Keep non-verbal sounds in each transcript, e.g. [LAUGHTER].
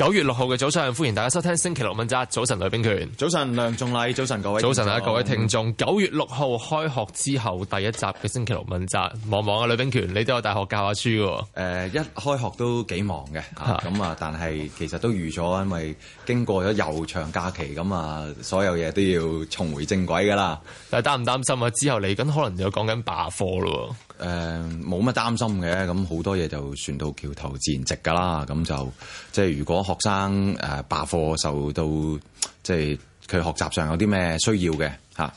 九月六號嘅早上，歡迎大家收聽星期六問責。早晨，呂秉權。早晨，梁仲禮。早晨，各位。早晨啊，各位聽眾。九月六號開學之後第一集嘅星期六問責，忙唔忙啊？呂秉權，你都有大學教下書嘅。誒、呃，一開學都幾忙嘅，咁 [LAUGHS] 啊，但係其實都預咗，因為。經過咗悠長假期，咁啊，所有嘢都要重回正軌噶啦。但係擔唔擔心啊？之後嚟緊可能又講緊罷課咯。誒、呃，冇乜擔心嘅，咁好多嘢就船到橋頭自然直噶啦。咁就即係如果學生誒罷課受到，即係佢學習上有啲咩需要嘅吓。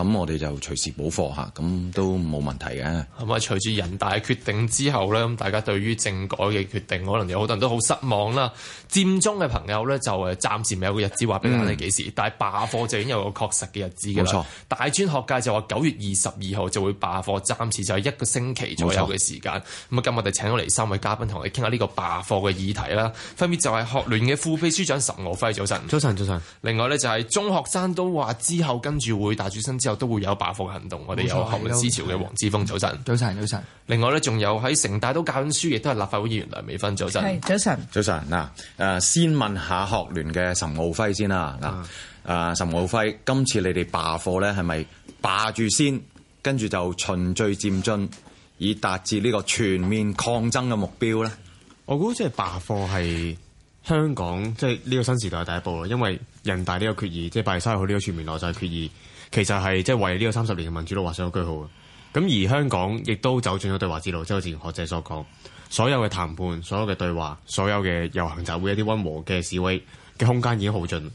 咁我哋就隨時補課嚇，咁都冇問題嘅。咁咪隨住人大決定之後咧，咁大家對於政改嘅決定，可能有好多人都好失望啦。佔中嘅朋友咧，就誒暫時未有個日子話俾你聽係幾時，嗯、但係罷課就已經有個確實嘅日子嘅啦。冇錯，大專學界就話九月二十二號就會罷課，暫時就係一個星期左右嘅時間。咁啊冇錯，今日我哋請到嚟三位嘉賓同我哋傾下呢個罷課嘅議題啦。分別就係學聯嘅副秘書長岑敖輝。早晨，早晨。早晨，早晨。另外咧，就係中學生都話之後跟住會大住新就都會有罷課行動，我哋有學民思潮嘅黃之鋒，錯早晨安，早晨安，早晨。另外咧，仲有喺城大都教緊書，亦都係立法會議員梁美芬，早晨，早晨，早晨安。嗱，誒，先問下學聯嘅岑敖暉先啦。嗱、啊，誒，岑敖暉，今次你哋罷課咧，係咪霸住先，跟住就循序漸進，以達至呢個全面抗爭嘅目標咧？我估即係罷課係香港，即係呢個新時代嘅第一步啦。因為人大呢個決議，即係八月三號呢個全面內在決議。其實係即係為呢個三十年嘅民主路畫上咗句號啊！咁而香港亦都走進咗對話之路，即係之前學姐所講，所有嘅談判、所有嘅對話、所有嘅遊行，就會一啲溫和嘅示威嘅空間已經耗盡。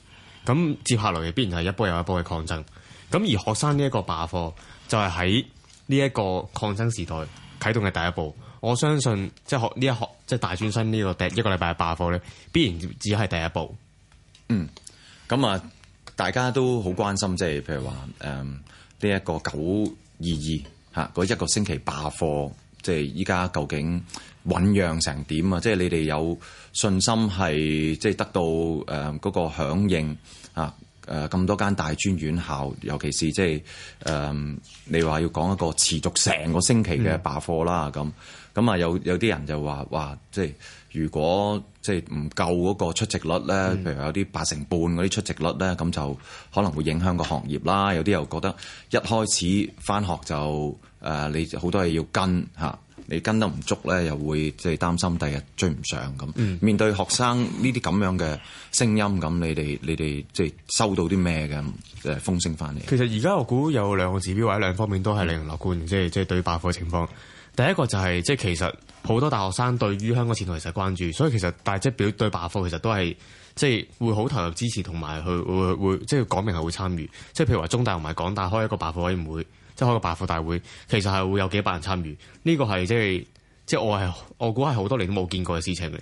咁接下來嘅必然係一波又一波嘅抗爭。咁而學生呢一個罷課，就係喺呢一個抗爭時代啟動嘅第一步。我相信即係學呢一學即係大專生呢個第一一個禮拜嘅罷課咧，必然只係第一步。嗯，咁啊。大家都好關心，即係譬如話，誒呢一個九二二吓嗰一個星期罷課，即係依家究竟醞釀成點啊？即係你哋有信心係即係得到誒嗰個響應啊？誒咁多間大專院校，尤其是即係誒你話要講一個持續成個星期嘅罷課啦，咁咁啊有有啲人就話話即係如果。即係唔夠嗰個出席率咧，譬如有啲八成半嗰啲出席率咧，咁、嗯、就可能會影響個行業啦。有啲又覺得一開始返學就誒，你好多嘢要跟吓，你跟得唔足咧，又會即係擔心第日追唔上咁。嗯、面對學生呢啲咁樣嘅聲音咁，你哋你哋即係收到啲咩嘅誒風聲返嚟？其實而家我估有兩個指標或者兩方面都係令人樂觀，即係即係對於罷課情況。第一個就係、是、即係其實好多大學生對於香港前途其實關注，所以其實大即係表對罷課其實都係即係會好投入支持和去，同埋佢會會即係講明係會參與。即係譬如話中大同埋港大開一個罷課委員會，不會，即係開一個罷課大會，其實係會有幾百人參與。呢、這個係即係即係我係我估係好多年都冇見過嘅事情嚟。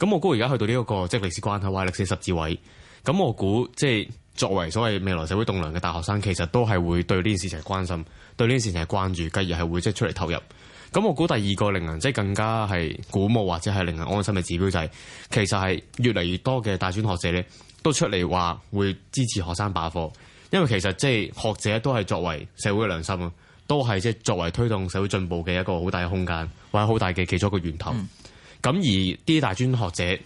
咁我估而家去到呢、這、一個即係歷史關係或者歷史十字位，咁我估即係作為所謂未來社會棟梁嘅大學生，其實都係會對呢件事情關心，對呢件事情關注，繼而係會即係出嚟投入。咁我估第二個令人即係更加係鼓舞或者係令人安心嘅指標就係、是，其實係越嚟越多嘅大專學者咧都出嚟話會支持學生罷課，因為其實即係學者都係作為社會嘅良心，都係即係作為推動社會進步嘅一個好大嘅空間，或者好大嘅其中一個源頭。咁、嗯、而啲大專學者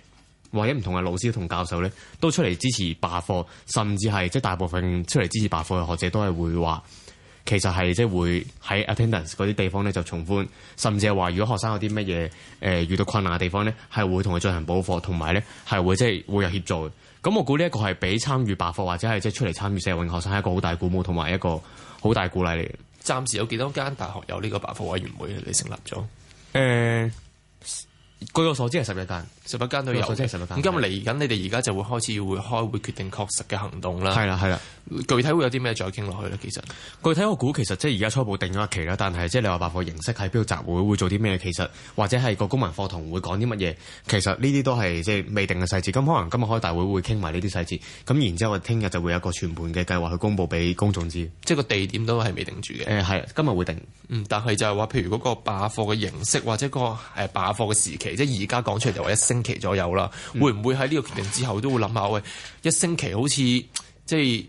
或者唔同嘅老師同教授咧都出嚟支持罷課，甚至係即係大部分出嚟支持罷課嘅學者都係會話。其實係即係會喺 attendance 嗰啲地方咧，就重寬，甚至係話如果學生有啲乜嘢誒遇到困難嘅地方咧，係會同佢進行補課，同埋咧係會即係會有協助嘅。咁我估呢一個係俾參與罷課或者係即係出嚟參與社運學生係一個好大鼓舞同埋一個好大鼓勵嚟嘅。暫時有幾多間大學有呢個罷課委員會？你成立咗？誒、呃，據我所知係十一間。十一間都有。咁是今日嚟緊，你哋而家就會開始要會開會決定確實嘅行動啦。係啦，係啦。具體會有啲咩再傾落去咧？其實，具體我估其實即係而家初步定咗一期啦，但係即係你話罷課形式喺邊度集會，會做啲咩？其實或者係個公民課堂會講啲乜嘢？其實呢啲都係即係未定嘅細節。咁可能今日開大會會傾埋呢啲細節。咁然之後我聽日就會有個全盤嘅計劃去公佈俾公眾知。即係個地點都係未定住嘅。係、嗯，今日會定。但係就係話，譬如嗰個罷課嘅形式或者個誒罷課嘅時期，即係而家講出嚟就話一期左右啦，會唔會喺呢個決定之後都會諗下喂？一星期好似即係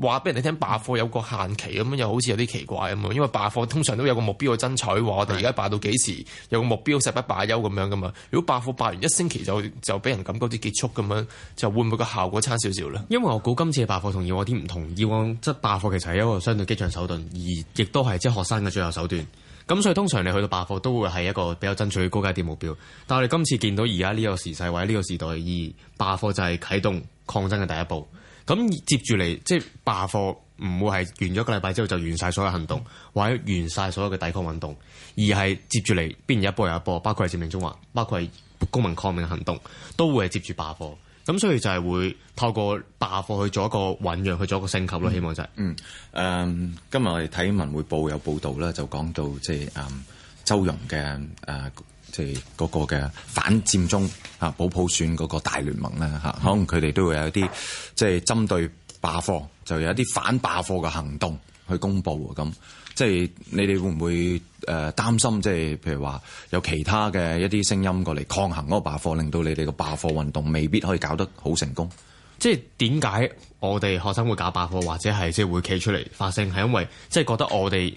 話俾人哋聽，罷課有個限期咁樣，又好似有啲奇怪咁啊！因為罷課通常都有個目標去爭取，話我哋而家罷到幾時的有個目標，誓不罷休咁樣噶嘛。如果罷課罷完一星期就就俾人感覺到結束咁樣，就會唔會個效果差少少咧？因為我估今次嘅罷課同以往啲唔同，以往即係罷課其實係一個相對激進手段，而亦都係即係學生嘅最後手段。咁所以通常你去到罷課都會係一個比較爭取的高階啲目標，但我哋今次見到而家呢個時勢或者呢個時代，而罷課就係啟動抗爭嘅第一步。咁接住嚟，即、就、係、是、罷課唔會係完咗個個禮拜之後就完晒所有行動，或者完晒所有嘅抵抗運動，而係接住嚟邊人一波又一波，包括係佔領中環，包括係公民抗命行動，都會係接住罷課。咁所以就係會透過罷課去做一個醞釀，去做一個升級咯。希望就係、是、嗯，嗯，今日我哋睇文匯報有報導咧，就講到即係誒周融嘅即係嗰個嘅反佔中啊，保，普選嗰個大聯盟啦、啊、可能佢哋都會有一啲即係針對罷課，就有一啲反罷課嘅行動。去公布咁，即係你哋會唔會誒擔、呃、心？即、就、係、是、譬如話有其他嘅一啲聲音，過嚟抗衡嗰個罷課，令到你哋嘅罷課運動未必可以搞得好成功。即係點解我哋學生會搞罷課，或者係即係會企出嚟發聲，係因為即係、就是、覺得我哋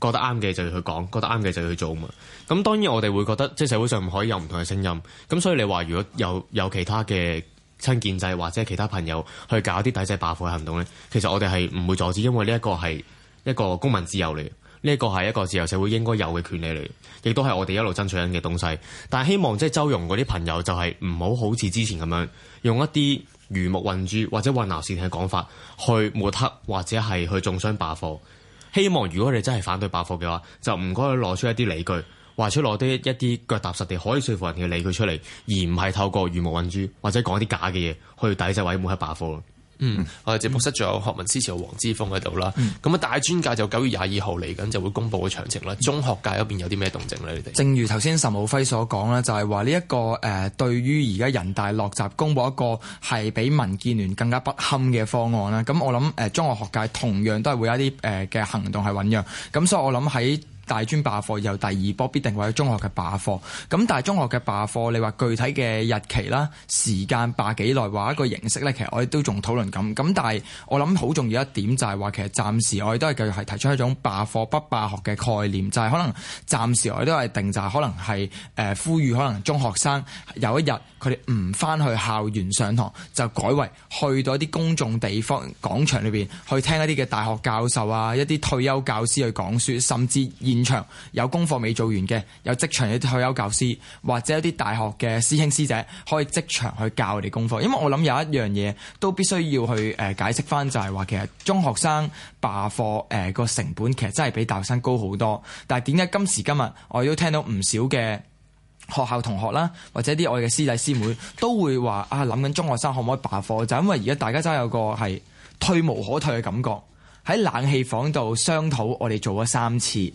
覺得啱嘅就要去講，覺得啱嘅就要去做嘛。咁當然我哋會覺得即係社會上可以有唔同嘅聲音。咁所以你話如果有有其他嘅親建制或者其他朋友去搞啲抵制罷課嘅行動咧，其實我哋係唔會阻止，因為呢一個係。一個公民自由嚟，呢個係一個自由社會應該有嘅權利嚟，亦都係我哋一路爭取緊嘅東西。但希望即係周融嗰啲朋友就係唔好好似之前咁樣用一啲魚目混珠或者混淆視聽嘅講法去抹黑或者係去中傷罷課。希望如果你真係反對罷課嘅話，就唔該攞出一啲理據，或者攞啲一啲腳踏實地可以說服人嘅理據出嚟，而唔係透過魚目混珠或者講啲假嘅嘢去抵制或者抹黑罷課。嗯，我哋節目室仲有學民思潮黃之鋒喺度啦，咁啊、嗯、大專界就九月廿二號嚟緊就會公布嘅詳情啦。嗯、中學界嗰邊有啲咩動靜咧？你哋正如頭先岑浩輝所講啦，就係話呢一個誒，對於而家人大落閘公佈一個係比民建聯更加不堪嘅方案啦。咁我諗誒中學學界同樣都係會有一啲誒嘅行動係醖釀，咁所以我諗喺。大專罷課，又第二波必定為咗中學嘅罷課，咁但係中學嘅罷課你話具體嘅日期啦、時間罷幾耐，話一個形式咧？其實我哋都仲討論緊，咁但係我諗好重要一點就係話其實暫時我哋都係繼續係提出一種罷課不罷學嘅概念，就係、是、可能暫時我哋都係定就係可能係誒呼籲可能中學生有一日佢哋唔翻去校園上堂，就改為去到一啲公眾地方、廣場裏邊去聽一啲嘅大學教授啊、一啲退休教師去講書，甚至現現場有功課未做完嘅，有職場嘅退休教師或者一啲大學嘅師兄師姐，可以即場去教我哋功課。因為我諗有一樣嘢都必須要去誒解釋翻，就係話其實中學生罷課誒個成本其實真係比大學生高好多。但係點解今時今日，我亦都聽到唔少嘅學校同學啦，或者啲我哋嘅師弟師妹都會話啊諗緊中學生可唔可以罷課？就因為而家大家真係有個係退無可退嘅感覺，喺冷氣房度商討，我哋做咗三次。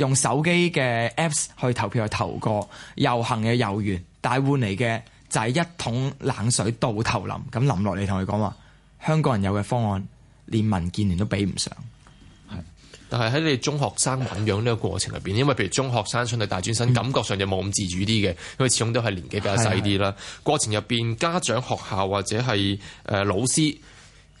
用手機嘅 Apps 去投票去投過遊行嘅遊園，但換嚟嘅就係一桶冷水倒頭淋，咁淋落嚟同佢講話，香港人有嘅方案連民建聯都比唔上，係。但係喺你哋中學生揾養呢個過程入邊，因為譬如中學生相對大專生感覺上就冇咁自主啲嘅，因為始終都係年紀比較細啲啦。的過程入邊，家長、學校或者係誒、呃、老師。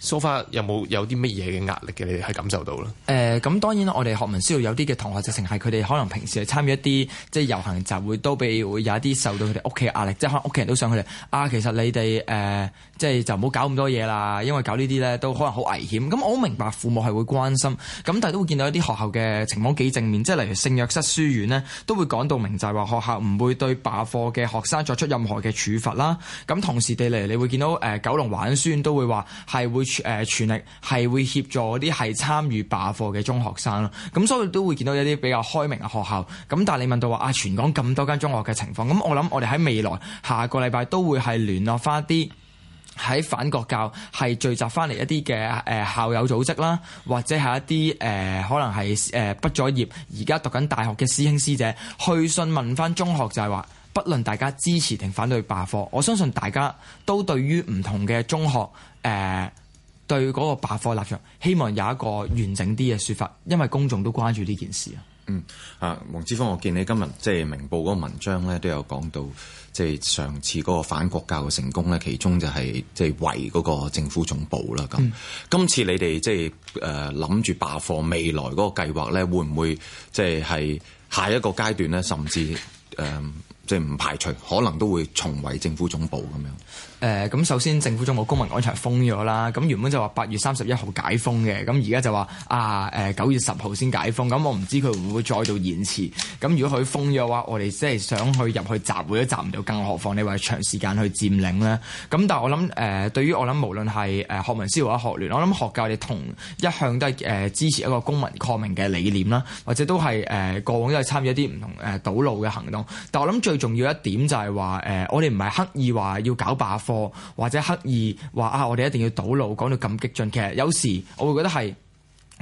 s o 疏忽，有冇有啲乜嘢嘅壓力嘅？你哋係感受到啦。誒、呃，咁當然啦，我哋學民需要有啲嘅同學就成係佢哋可能平時係參與一啲即係遊行集會，都被會有一啲受到佢哋屋企嘅壓力，即係可能屋企人都想佢哋啊，其實你哋誒即係就唔好搞咁多嘢啦，因為搞呢啲咧都可能好危險。咁我好明白父母係會關心，咁但係都會見到一啲學校嘅情況幾正面，即係例如聖約瑟書院呢都會講到明，就係話學校唔會對罷課嘅學生作出任何嘅處罰啦。咁同時地嚟，你會見到誒、呃、九龍華仁書院都會話係會。誒全力係會協助啲係參與罷課嘅中學生啦，咁所以都會見到一啲比較開明嘅學校。咁但係你問到話啊，全港咁多間中學嘅情況，咁我諗我哋喺未來下個禮拜都會係聯絡翻啲喺反國教係聚集翻嚟一啲嘅誒校友組織啦，或者係一啲誒、呃、可能係誒畢咗業而家讀緊大學嘅師兄師姐去信問翻中學，就係、是、話，不論大家支持定反對罷課，我相信大家都對於唔同嘅中學誒。呃對嗰個罷課立場，希望有一個完整啲嘅説法，因為公眾都關注呢件事啊。嗯，啊，黃之鋒，我見你今日即係明報嗰個文章咧，都有講到即係、就是、上次嗰個反國教嘅成功咧，其中就係即係圍嗰個政府總部啦。咁、嗯、今次你哋即係誒諗住罷課未來嗰個計劃咧，會唔會即係係下一個階段咧，甚至誒即係唔排除可能都會重圍政府總部咁樣？誒咁、呃、首先政府將個公民廣場封咗啦，咁原本就話八月三十一號解封嘅，咁而家就話啊誒九月十號先解封，咁我唔知佢會唔會再度延遲。咁如果佢封咗嘅話，我哋即係想去入去集會都集唔到，更何況你話長時間去佔領咧。咁但係我諗、呃、對於我諗無論係學民思潮或者學聯，我諗學教我哋同一向都係支持一個公民抗命嘅理念啦，或者都係誒、呃、過往都係參與一啲唔同誒堵路嘅行動。但我諗最重要一點就係話、呃、我哋唔係刻意話要搞罷或或者刻意話啊，我哋一定要堵路，講到咁激進。其實有時我會覺得係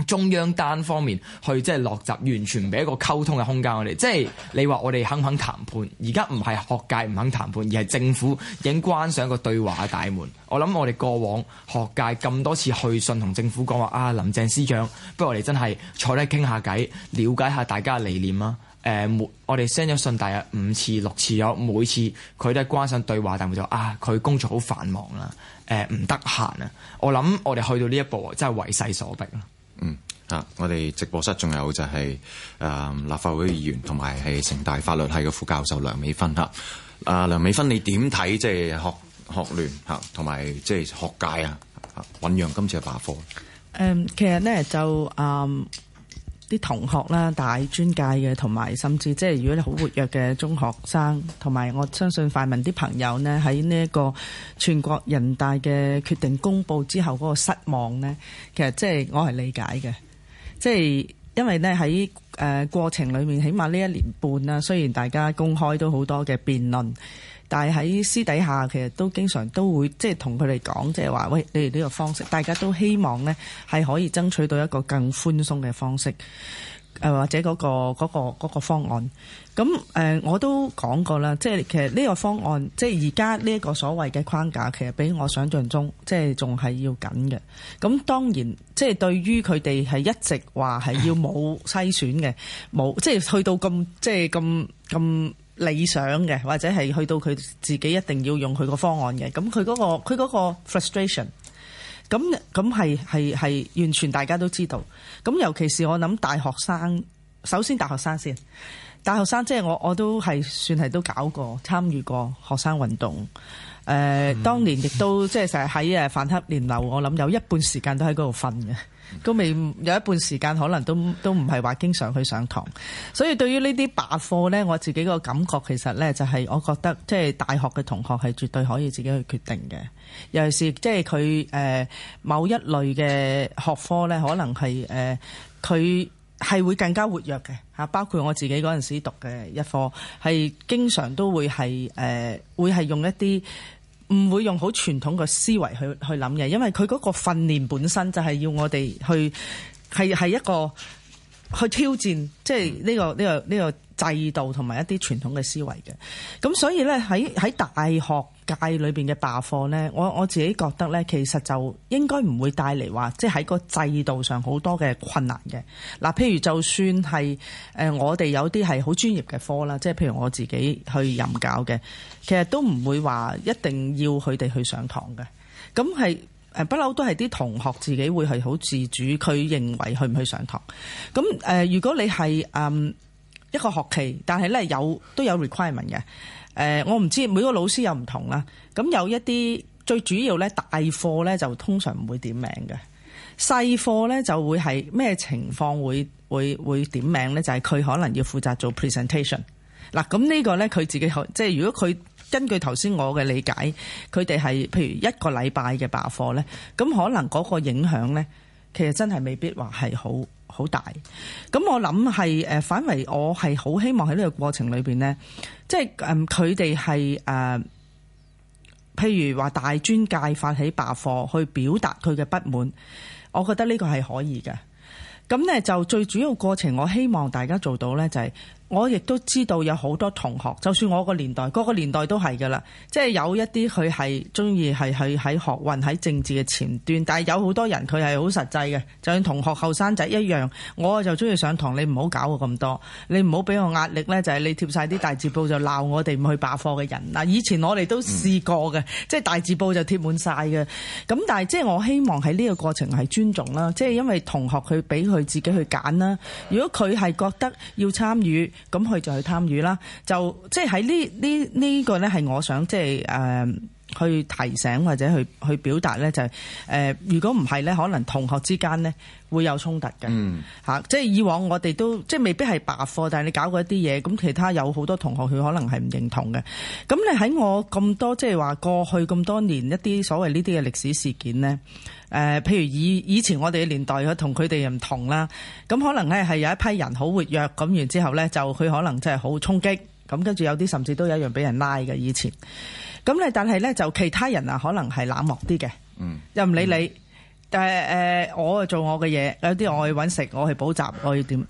中央單方面去即係落閘，完全唔俾一個溝通嘅空間。是你說我哋即係你話，我哋肯唔肯談判？而家唔係學界唔肯談判，而係政府已經關上一個對話嘅大門。我諗我哋過往學界咁多次去信同政府講話啊，林鄭司長，不如我哋真係坐低傾下偈，了解下大家嘅理念啊！誒、嗯，我哋 send 咗信大約五次六次有，每次佢都係關上對話，但係我就啊，佢工作好繁忙啦，誒唔得閒啊，我諗我哋去到呢一步，真係為勢所逼咯。嗯啊，我哋直播室仲有就係誒立法會議員同埋係城大法律系嘅副教授梁美芬吓。阿梁美芬，你點睇即係學學聯吓，同埋即係學界啊醞釀今次嘅罷課？誒、嗯，其實咧就誒。嗯啲同學啦、大專界嘅，同埋甚至即係如果你好活躍嘅中學生，同埋我相信泛民啲朋友呢，喺呢一個全國人大嘅決定公佈之後嗰個失望呢，其實即係我係理解嘅，即係因為呢，喺誒過程裏面，起碼呢一年半啦，雖然大家公開都好多嘅辯論。但係喺私底下，其實都經常都會即係同佢哋講，即係話：喂，你哋呢個方式，大家都希望呢係可以爭取到一個更寬鬆嘅方式，呃、或者嗰個嗰個嗰個方案。咁、呃、我都講過啦，即係其實呢個方案，即係而家呢一個所謂嘅框架，其實比我想象中即係仲係要緊嘅。咁當然，即係對於佢哋係一直話係要冇篩選嘅，冇即係去到咁即係咁咁。就是理想嘅，或者係去到佢自己一定要用佢個方案嘅，咁佢嗰個佢嗰個 frustration，咁咁係係係完全大家都知道。咁尤其是我諗大學生，首先大學生先大學生，即係我我都係算係都搞過參與過學生運動。誒、呃，嗯、當年亦都即係成日喺誒范克廉樓，我諗有一半時間都喺嗰度瞓嘅。都未有一半時間，可能都都唔係話經常去上堂，所以對於呢啲罷課呢，我自己個感覺其實呢，就係我覺得即係、就是、大學嘅同學係絕對可以自己去決定嘅，尤其是即係佢誒某一類嘅學科呢，可能係誒佢係會更加活躍嘅嚇，包括我自己嗰陣時讀嘅一科，係經常都會係誒、呃、會係用一啲。唔會用好傳統嘅思維去去諗嘅，因為佢嗰個訓練本身就係要我哋去係係一個去挑戰，即係呢個呢個呢個。這個這個制度同埋一啲傳統嘅思維嘅咁，所以呢，喺喺大學界裏邊嘅罷課呢，我我自己覺得呢，其實就應該唔會帶嚟話，即係喺個制度上好多嘅困難嘅嗱。譬如就算係誒、呃，我哋有啲係好專業嘅科啦，即係譬如我自己去任教嘅，其實都唔會話一定要佢哋去上堂嘅。咁係誒，呃，不嬲都係啲同學自己會係好自主，佢認為去唔去上堂咁誒。如果你係嗯。一個學期，但係咧有都有 requirement 嘅，誒、呃，我唔知每個老師有唔同啦。咁有一啲最主要咧大課咧就通常唔會點名嘅，細課咧就會係咩情況會會會點名咧？就係、是、佢可能要負責做 presentation。嗱，咁呢個咧佢自己可即係如果佢根據頭先我嘅理解，佢哋係譬如一個禮拜嘅罷課咧，咁可能嗰個影響咧，其實真係未必話係好。好大，咁我諗係誒，反為我係好希望喺呢個過程裏邊呢，即係佢哋係誒，譬如話大專界發起罷課去表達佢嘅不滿，我覺得呢個係可以嘅。咁呢就最主要過程，我希望大家做到呢就係、是。我亦都知道有好多同學，就算我個年代嗰個年代都係噶啦，即係有一啲佢係中意係去喺學運、喺政治嘅前端，但係有好多人佢係好實際嘅，就算同學後生仔一樣，我就中意上堂，你唔好搞我咁多，你唔好俾我壓力呢。就係、是、你貼曬啲大字報就鬧我哋唔去罷課嘅人嗱，以前我哋都試過嘅，嗯、即係大字報就貼滿曬嘅，咁但係即係我希望喺呢個過程係尊重啦，即係因為同學去俾佢自己去揀啦，如果佢係覺得要參與。咁佢就去參與啦，就即係喺呢呢呢個咧，係我想即係誒。就是呃去提醒或者去去表達呢，就係，是，呃、如果唔係呢，可能同學之間呢會有衝突嘅吓。嗯，即係以往我哋都即係未必係罷課，但係你搞過一啲嘢，咁其他有好多同學佢可能係唔認同嘅。咁你喺我咁多即係話過去咁多年一啲所謂呢啲嘅歷史事件呢，誒、呃，譬如以以前我哋嘅年代，同佢哋又唔同啦。咁可能呢係有一批人好活躍，咁然之後呢，就佢可能真係好衝擊，咁跟住有啲甚至都有一樣俾人拉嘅以前。咁咧，但係咧就其他人啊，可能係冷漠啲嘅，又唔、嗯、理你。誒、呃、我做我嘅嘢，有啲我去搵食，我去補習，我要點。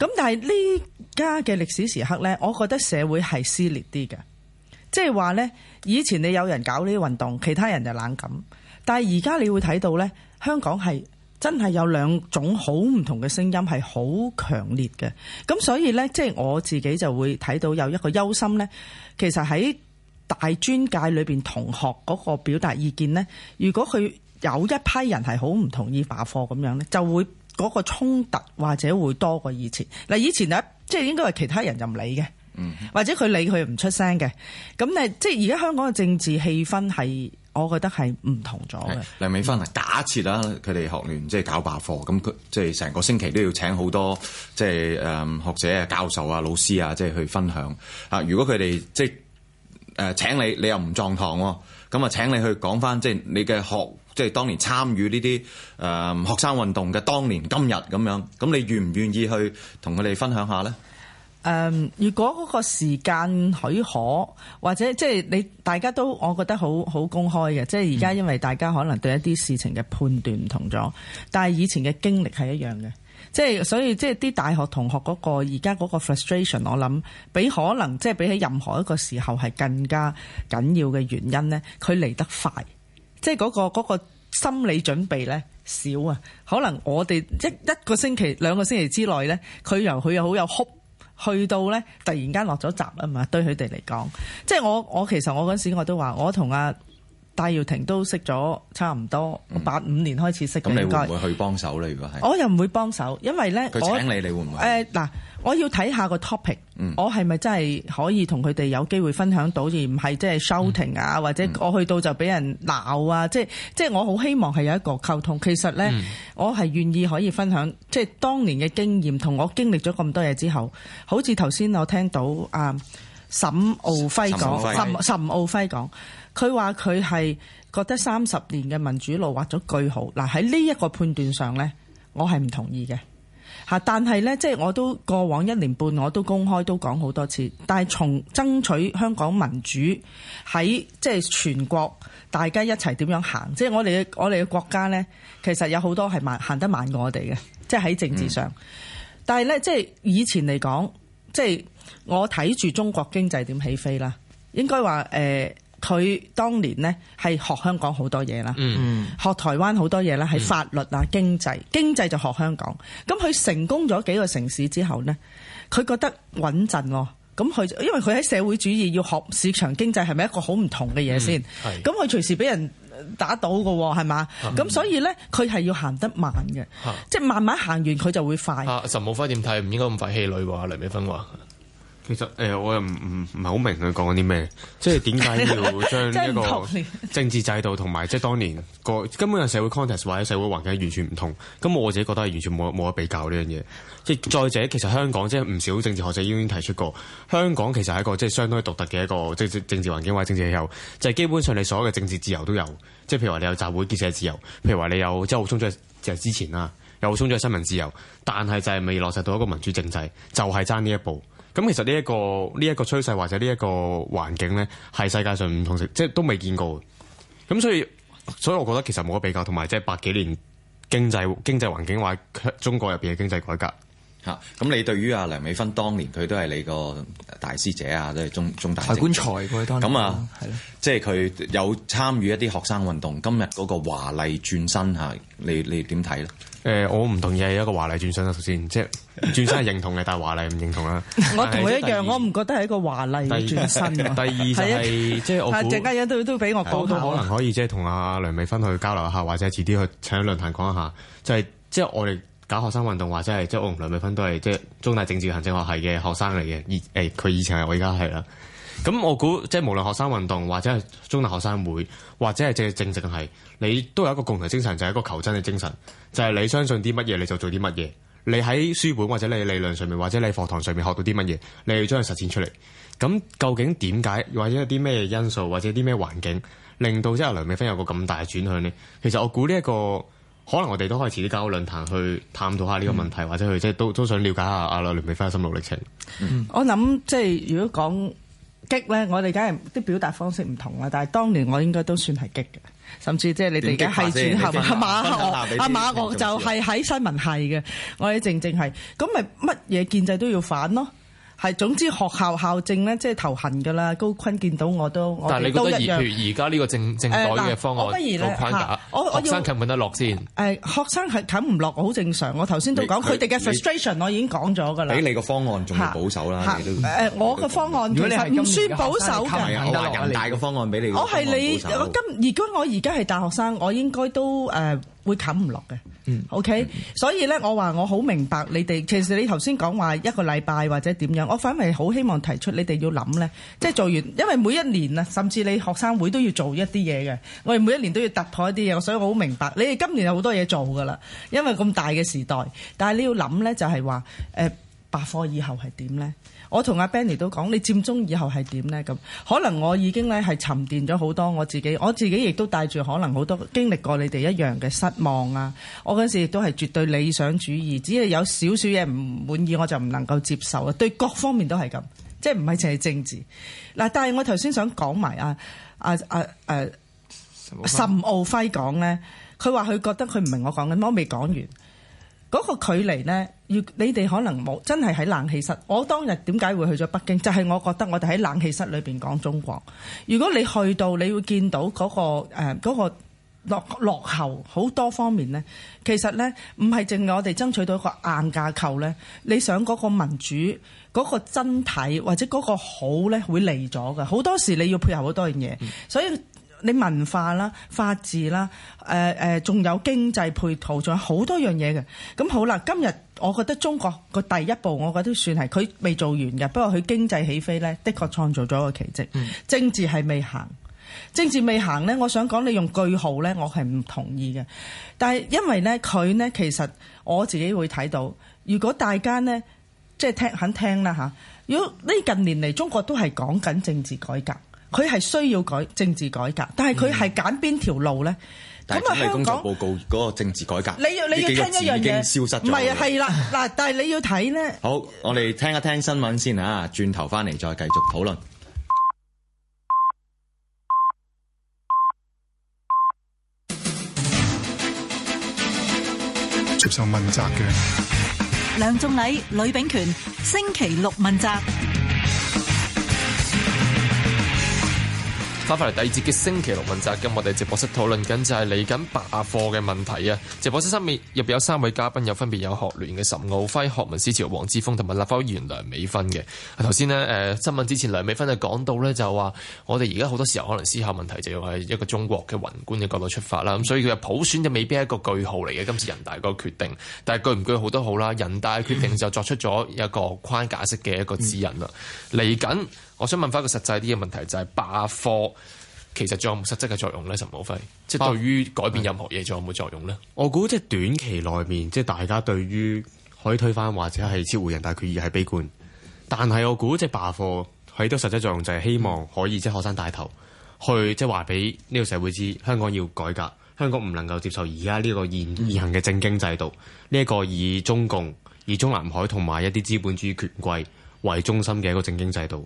咁但係呢家嘅歷史時刻咧，我覺得社會係撕裂啲嘅，即係話咧，以前你有人搞呢啲運動，其他人就冷感。但係而家你會睇到咧，香港係真係有兩種好唔同嘅聲音，係好強烈嘅。咁所以咧，即係我自己就會睇到有一個憂心咧，其實喺。大專界裏面同學嗰個表達意見咧，如果佢有一批人係好唔同意罷課咁樣咧，就會嗰個衝突或者會多過以前。嗱，以前咧即係應該係其他人唔理嘅，或者佢理佢唔出聲嘅。咁誒，即係而家香港嘅政治氣氛係，我覺得係唔同咗嘅。梁美芬啊，假設啦，佢哋學聯即係搞罷課，咁佢即係成個星期都要請好多即係誒學者啊、教授啊、老師啊，即係去分享啊。如果佢哋即係誒請你，你又唔撞堂喎？咁啊，請你去講翻，即係你嘅學，即係當年參與呢啲誒學生運動嘅當年今日咁樣。咁你願唔願意去同佢哋分享一下呢？誒、呃，如果嗰個時間許可，或者即係你大家都，我覺得好好公開嘅，即係而家因為大家可能對一啲事情嘅判斷唔同咗，嗯、但係以前嘅經歷係一樣嘅。即係所以，即係啲大學同學嗰個而家嗰個 frustration，我諗比可能即係比起任何一個時候係更加緊要嘅原因呢，佢嚟得快，即係嗰個嗰個心理準備呢少啊。可能我哋一一個星期兩個星期之內呢，佢由佢又好有 hope 去到呢突然間落咗閘啊嘛。對佢哋嚟講，即係我我其實我嗰時我都話我同阿。戴耀廷都識咗差唔多，八五年開始識嘅應該。咁你會唔會去幫手咧？如果係我又唔會幫手，因為咧，佢請你，你會唔會？嗱，我要睇下個 topic，我係咪真係可以同佢哋有機會分享到，而唔係即係 shouting 啊，或者我去到就俾人鬧啊？即係即係我好希望係有一個溝通。其實咧，我係願意可以分享，即係當年嘅經驗，同我經歷咗咁多嘢之後，好似頭先我聽到啊，岑敖暉講，岑岑敖暉講。佢話佢係覺得三十年嘅民主路畫咗句號，嗱，喺呢一個判斷上呢，我係唔同意嘅吓。但係呢，即係我都過往一年半，我都公開都講好多次。但係從爭取香港民主喺即全國大家一齊點樣行，即係我哋我哋嘅國家呢，其實有好多係慢行得慢過我哋嘅，即係喺政治上。嗯，但係呢，即係以前嚟講，即係我睇住中國經濟點起飛啦，應該話誒。佢當年呢係學香港好多嘢啦，嗯嗯、學台灣好多嘢啦，係法律啊、經濟，經濟就學香港。咁佢成功咗幾個城市之後呢，佢覺得穩陣喎。咁佢因為佢喺社會主義要學市場經濟，係咪一個好唔同嘅嘢先？咁佢、嗯、隨時俾人打倒㗎喎，係嘛？咁、啊嗯、所以呢，佢係要行得慢嘅，啊、即係慢慢行完佢就會快。岑武輝點睇？唔應該咁快氣餒喎，黎美芬話。其實誒、呃，我又唔唔唔係好明佢講緊啲咩？即係點解要將呢個政治制度同埋即係當年個根本嘅社會 context 或者社會環境完全唔同，咁我自己覺得係完全冇冇得比較呢樣嘢。即係再者，其實香港即係唔少政治學者已經提出過，香港其實係一個即係相當獨特嘅一個即係政治環境或者政治氣候，就係基本上你所有嘅政治自由都有，即係譬如話你有集會結社自由，譬如話你有即係充咗就係之前啦，又充咗新聞自由，但係就係未落實到一個民主政制，就係爭呢一步。咁其實呢一個呢一個趨勢或者呢一個環境咧，係世界上唔同食，即係都未見過。咁所以，所以我覺得其實冇得比較，同埋即係百幾年經濟經濟環境或中國入面嘅經濟改革。咁、嗯、你對於阿梁美芬當年佢都係你個大師姐啊，都係中中大財官財佢當年咁啊，咯那，吧即係佢有參與一啲學生運動。今日嗰個華麗轉身你你點睇咧？誒，我唔同意係一個華麗轉身啦。首先，即係轉身係認同嘅，但係華麗唔認同啦。我同佢一樣，我唔覺得係一個華麗轉身。第二就係即係我估鄭家欣都都俾我講到、嗯、好可能可以即係同阿梁美芬去交流一下，或者遲啲去請論壇講一下，就係即係我哋。搞學生運動或者係即係我同梁美芬都係即、就是、中大政治行政學系嘅學生嚟嘅，以誒佢、欸、以前係我而家係啦。咁我估即、就是、無論學生運動或者係中大學生會或者係正正正係，你都有一個共同精神就係、是、一個求真嘅精神，就係、是、你相信啲乜嘢你就做啲乜嘢。你喺書本或者你理論上面或者你課堂上面學到啲乜嘢，你要將佢實踐出嚟。咁究竟點解或者有啲咩因素或者有啲咩環境令到即係梁美芬有個咁大嘅轉向呢？其實我估呢一個。可能我哋都開始啲交流論壇去探討下呢個問題，嗯、或者去即係都都想了解下阿梁、呃呃、美芬嘅心路歷程。嗯、我諗即係如果講激咧，我哋梗係啲表達方式唔同啦。但係當年我應該都算係激嘅，甚至即係你哋而家係轉合。阿馬鵝，阿馬就係喺新聞系嘅，我哋正正係，咁咪乜嘢建制都要反咯。係，總之學校校政咧，即係頭痕㗎啦。高坤見到我都，但你覺得我哋都一樣。而而家呢個政政改嘅方案好框架，學生冚唔得落先。誒，學生係冚唔落，好正常。我頭先都講佢哋嘅 frustration，你我已經講咗㗎啦。俾你個方案仲保守啦，你我個方案其實唔算保守，保守我話大嘅方案俾你。我係你今，如果我而家係大學生，我應該都誒、呃、會冚唔落嘅。嗯，OK，所以咧，我話我好明白你哋，其實你頭先講話一個禮拜或者點樣，我反為好希望提出你哋要諗咧，即係做完，因為每一年啊，甚至你學生會都要做一啲嘢嘅，我哋每一年都要突破一啲嘢，所以我好明白，你哋今年有好多嘢做噶啦，因為咁大嘅時代，但係你要諗咧，就係話誒，罷課以後係點咧？我同阿 Benny 都講，你佔中以後係點咧？咁可能我已經咧係沉澱咗好多我自己，我自己亦都帶住可能好多經歷過你哋一樣嘅失望啊！我嗰時亦都係絕對理想主義，只係有少少嘢唔滿意我就唔能夠接受啊！對各方面都係咁，即係唔係淨係政治嗱。但係我頭先想講埋啊，啊啊誒岑傲輝講咧，佢話佢覺得佢唔明我講緊，我未講完。嗰個距離呢，你哋可能冇真係喺冷氣室。我當日點解會去咗北京？就係、是、我覺得我哋喺冷氣室裏面講中國。如果你去到，你會見到嗰、那個嗰落、呃那個、落後好多方面呢。其實呢，唔係淨係我哋爭取到一個硬架構呢。你想嗰個民主嗰、那個真體或者嗰個好呢，會嚟咗嘅。好多時你要配合好多樣嘢，嗯、所以。你文化啦、法治啦、誒、呃、誒，仲有經濟配套，仲有好多樣嘢嘅。咁好啦，今日我覺得中國個第一步，我覺得算係佢未做完嘅。不過佢經濟起飛呢，的確創造咗個奇蹟。政治係未行，政治未行呢，我想講你用句號呢，我係唔同意嘅。但係因為呢，佢呢，其實我自己會睇到，如果大家呢，即係聽肯聽啦嚇，如果呢近年嚟中國都係講緊政治改革。佢係需要改政治改革，但係佢係揀邊條路咧？咁啊、嗯，但係工作報告嗰個政治改革，你，你要你要聽一樣嘢，唔係啊，係啦，嗱， [LAUGHS] 但係你要睇咧。好，我哋聽一聽新聞先嚇，轉頭翻嚟再繼續討論。接受問責嘅梁仲禮、呂炳權星期六問責。翻返嚟第二節嘅星期六問責，今日我哋直播室討論緊就係嚟緊罷課嘅問題啊！直播室三面入邊有三位嘉賓，有分別有學聯嘅岑敖暉、學民思潮黃之鋒同埋立法會議員梁美芬嘅。頭先呢，誒、呃、新聞之前，梁美芬就講到咧，就話我哋而家好多時候可能思考問題就要喺一個中國嘅宏觀嘅角度出發啦。咁所以佢話普選就未必係一個句號嚟嘅，今次人大嗰個決定，但係句唔句號都好啦。人大嘅決定就作出咗一個框架式嘅一個指引啦。嚟緊、嗯。我想問翻一個實際啲嘅問題，就係、是、罷課其實仲有冇實質嘅作用呢？陳寶輝，即係罷對於改變任何嘢有冇作用呢？我估即係短期內面，即係大家對於可以推翻或者係撤回人大決議係悲觀。但係我估即係罷課，佢都實質作用就係希望可以即係學生帶頭，去即係話俾呢個社會知香港要改革，香港唔能夠接受而家呢個現現行嘅政經制度，呢、這、一個以中共、以中南海同埋一啲資本主義權貴為中心嘅一個政經制度，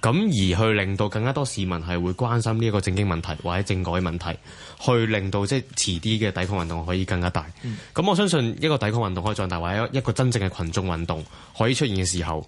咁而去令到更加多市民係會關心呢一個政經問題或者政改問題，去令到即係遲啲嘅抵抗運動可以更加大。咁、嗯、我相信一個抵抗運動可以壯大，或者一個真正嘅群眾運動可以出現嘅時候，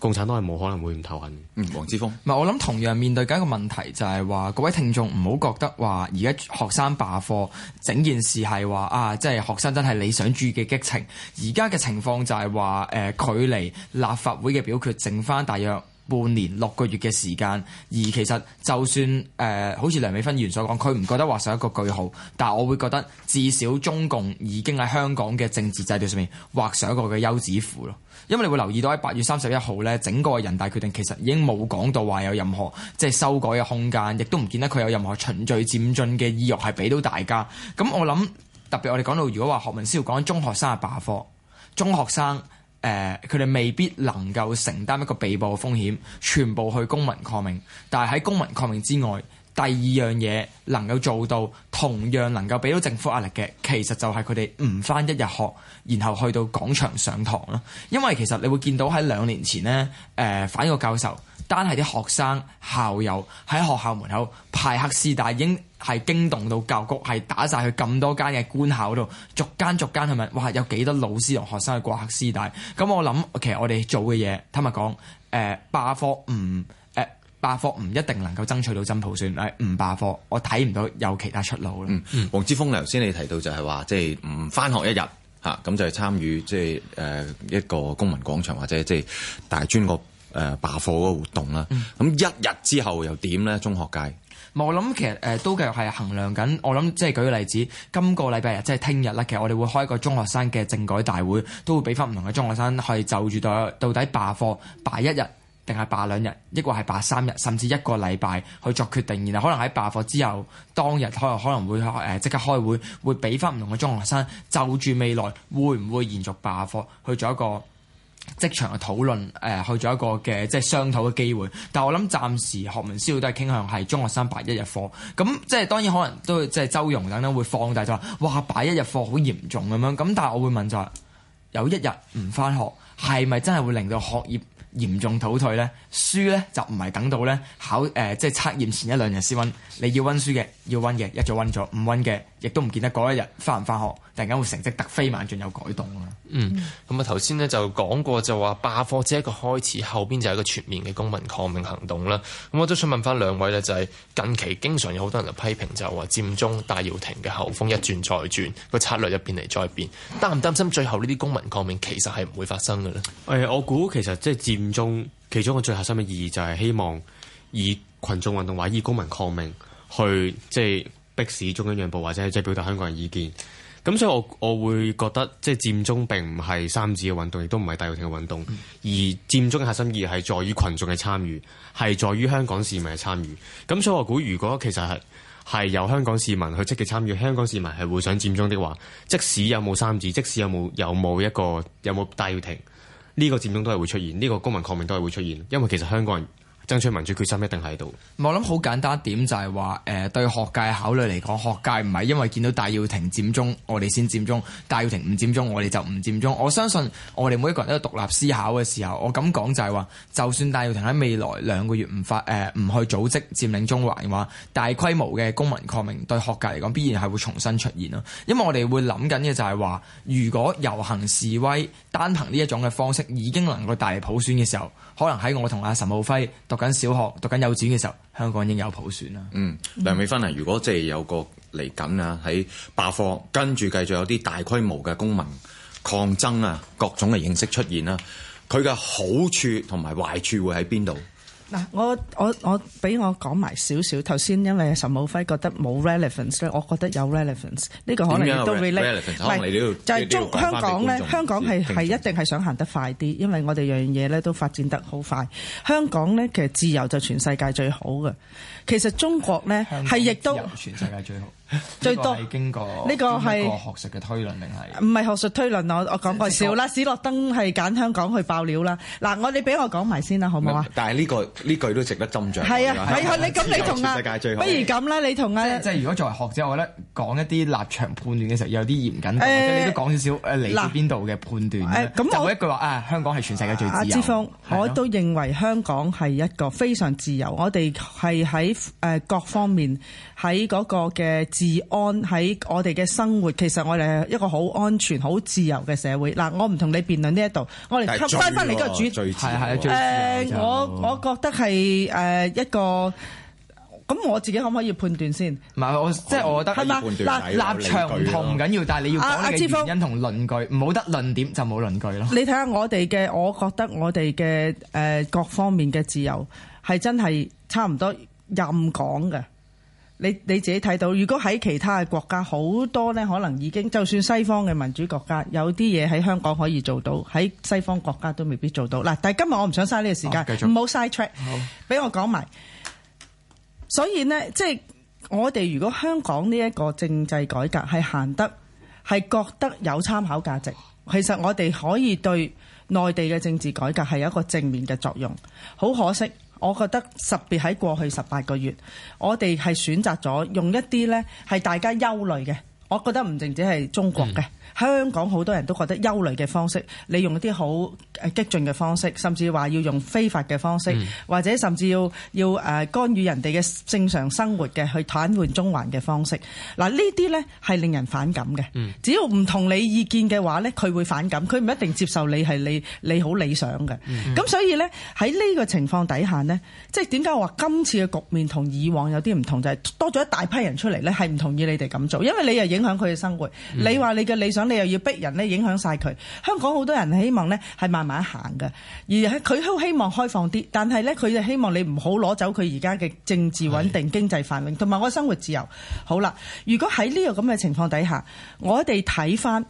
共產黨係冇可能會唔頭痕。嗯、黃之鋒。唔係，我諗同樣面對緊一個問題就係話，各位聽眾唔好覺得話而家學生罷課整件事係話啊，即係學生真係理想主義嘅激情。而家嘅情況就係話誒，距離立法會嘅表決剩翻大約。半年六個月嘅時間，而其實就算誒、呃，好似梁美芬議員所講，佢唔覺得畫上一個句號，但係我會覺得至少中共已經喺香港嘅政治制度上面畫上一個嘅休止符咯。因為你會留意到喺八月三十一號呢，整個人大決定其實已經冇講到話有任何即係修改嘅空間，亦都唔見得佢有任何循序漸進嘅意欲係俾到大家。咁我諗特別我哋講到，如果話學民思潮需要講中學生嘅罷課，中學生。誒，佢哋、呃、未必能夠承擔一個被捕嘅風險，全部去公民抗命。但係喺公民抗命之外，第二樣嘢能夠做到，同樣能夠俾到政府壓力嘅，其實就係佢哋唔返一日學，然後去到廣場上堂啦。因為其實你會見到喺兩年前呢，誒、呃、反國教授單係啲學生校友喺學校門口派黑絲帶。係驚動到教局，係打晒佢咁多間嘅官校度，逐間逐間係咪？哇！有幾多老師同學生去掛黑絲帶？咁我諗，其實我哋做嘅嘢，今日講誒罷課唔誒罷課唔一定能夠爭取到真普選，唔罷課我睇唔到有其他出路咯。嗯，黃之鋒頭先你提到就係話，即係唔返學一日嚇，咁就係參與即係誒一個公民廣場或者即係大專個誒罷課嗰個活動啦。咁、嗯、一日之後又點咧？中學界？我諗其實誒、呃、都繼續係衡量緊。我諗即係舉個例子，今個禮拜日即係聽日，其實我哋會開一個中學生嘅政改大會，都會俾翻唔同嘅中學生去就住到到底罷課，罷一日，定係罷兩日，抑或係罷三日，甚至一個禮拜去作決定。然後可能喺罷課之後，當日可能可能會呃、即刻開會，會俾翻唔同嘅中學生就住未來會唔會延續罷課去做一個即場嘅討論，誒、呃、去做一個嘅即係商討嘅機會，但係我諗暫時學民思潮都係傾向係中學生罷一日課，咁即係當然可能都即係周融等等會放大就話，哇罷一日課好嚴重咁樣，咁但係我會問就話、是，有一日唔返學係咪真係會令到學業？嚴重倒退咧，書咧就唔係等到咧考誒、呃、即係測驗前一兩日先温，你要温書嘅要温嘅一早温咗，唔温嘅亦都唔見得嗰一日返唔返學，突然間會成績突飛猛進有改動、啊、嗯，咁啊頭先咧就講過就話罷課只係一個開始，後邊就係一個全面嘅公民抗命行動啦。咁、嗯、我都想問返兩位咧，就係、是、近期經常有好多人就批評就話佔中大搖停戴耀廷嘅後風一轉再轉，個策略變嚟再變，擔唔擔心最後呢啲公民抗命其實係唔會發生嘅咧？誒、欸，我估其實即係佔。佔中其中嘅最核心嘅意義就係希望以群眾運動或者以公民抗命去即係逼使中央讓步，或者即係表達香港人的意見。咁所以我，我我會覺得即係、就是、佔中並唔係三子嘅運動，亦都唔係戴耀廷嘅運動。嗯、而佔中嘅核心意義係在於群眾嘅參與，係在於香港市民嘅參與。咁所以，我估如果其實係係由香港市民去積極參與，香港市民係會想佔中的話，即使有冇三子，即使有冇有冇一個有冇戴耀廷。呢個佔中都係會出現，呢個公民抗命都係會出現，因為其實香港人，爭取民主決心一定喺度。我諗好簡單一點就係話，誒對學界考慮嚟講，學界唔係因為見到戴耀廷佔中，我哋先佔中；戴耀廷唔佔中，我哋就唔佔中。我相信我哋每一個人都有獨立思考嘅時候，我咁講就係話，就算戴耀廷喺未來兩個月唔發誒唔、呃、去組織佔領中環嘅話，大規模嘅公民抗命對學界嚟講必然係會重新出現咯。因為我哋會諗緊嘅就係話，如果遊行示威單憑呢一種嘅方式已經能夠大普選嘅時候，可能喺我同阿岑浩輝讀緊小學，讀緊幼稚園嘅時候，香港已經有普選啦。嗯，梁美芬啊，如果即係有個嚟緊啊，喺罷課跟住繼續有啲大規模嘅公民抗爭啊，各種嘅形式出現啦，佢嘅好處同埋壞處會喺邊度？嗱，我我我俾我講埋少少。頭先因為岑武輝覺得冇 relevance 咧，我覺得有 relevance。呢個可能亦都 relevance 唔係就係中香港咧，香港係係一定係想行得快啲，因為我哋樣嘢咧都發展得好快。香港咧其實自由就全世界最好嘅。其實中國咧係亦都全世界最好，最多。呢個係經過呢個係學術嘅推論定係？唔係學術推論，我我講過少啦。史諾登係揀香港去爆料啦。嗱，我你俾我講埋先啦，好唔好啊？但係呢個呢句都值得斟酌。係啊，係啊，你咁你同啊，世界最好。不如咁啦，你同啊。即係如果作為學者，我覺得講一啲立場判斷嘅時候有啲嚴謹，你都講少少誒嚟自邊度嘅判斷，咁就一句話啊，香港係全世界最自由。阿志峯，我都認為香港係一個非常自由，我哋係喺。誒、呃、各方面喺嗰個嘅治安，喺我哋嘅生活，其實我哋係一個好安全、好自由嘅社會嗱、呃。我唔同你辯論呢一度，我哋翻翻嚟個主旨。誒、啊，呃啊、我我覺得係誒一個咁，我自己可唔可以判斷先？唔係我即係好我覺得係嘛立立場唔同唔緊要，啊、但係你要講嘅原因同論據，唔好得、啊啊、論點就冇論據咯。你睇下我哋嘅，我覺得我哋嘅誒各方面嘅自由係真係差唔多。任講噶你你自己睇到。如果喺其他嘅國家，好多呢，可能已經，就算西方嘅民主國家，有啲嘢喺香港可以做到，喺西方國家都未必做到。嗱，但係今日我唔想嘥呢個時間，唔好 side track，俾我講埋。所以呢，即係我哋如果香港呢一個政制改革係行得，係覺得有參考價值，其實我哋可以對內地嘅政治改革係有一個正面嘅作用。好可惜。我覺得特別喺過去十八個月，我哋係選擇咗用一啲呢係大家憂慮嘅，我覺得唔淨止係中國嘅。嗯香港好多人都覺得憂慮嘅方式，你用一啲好誒激進嘅方式，甚至話要用非法嘅方式，嗯、或者甚至要要誒干預人哋嘅正常生活嘅去癱瘓中環嘅方式。嗱呢啲咧係令人反感嘅。嗯、只要唔同你意見嘅話咧，佢會反感，佢唔一定接受你係你你好理想嘅。咁、嗯嗯、所以咧喺呢個情況底下咧，即係點解話今次嘅局面同以往有啲唔同，就係、是、多咗一大批人出嚟咧，係唔同意你哋咁做，因為你又影響佢嘅生活，你話你嘅理想。你又要逼人咧，影響晒佢。香港好多人希望咧，係慢慢行嘅，而係佢都希望開放啲。但係咧，佢就希望你唔好攞走佢而家嘅政治穩定、經濟繁榮同埋我生活自由。好啦，如果喺呢個咁嘅情況底下，我哋睇翻，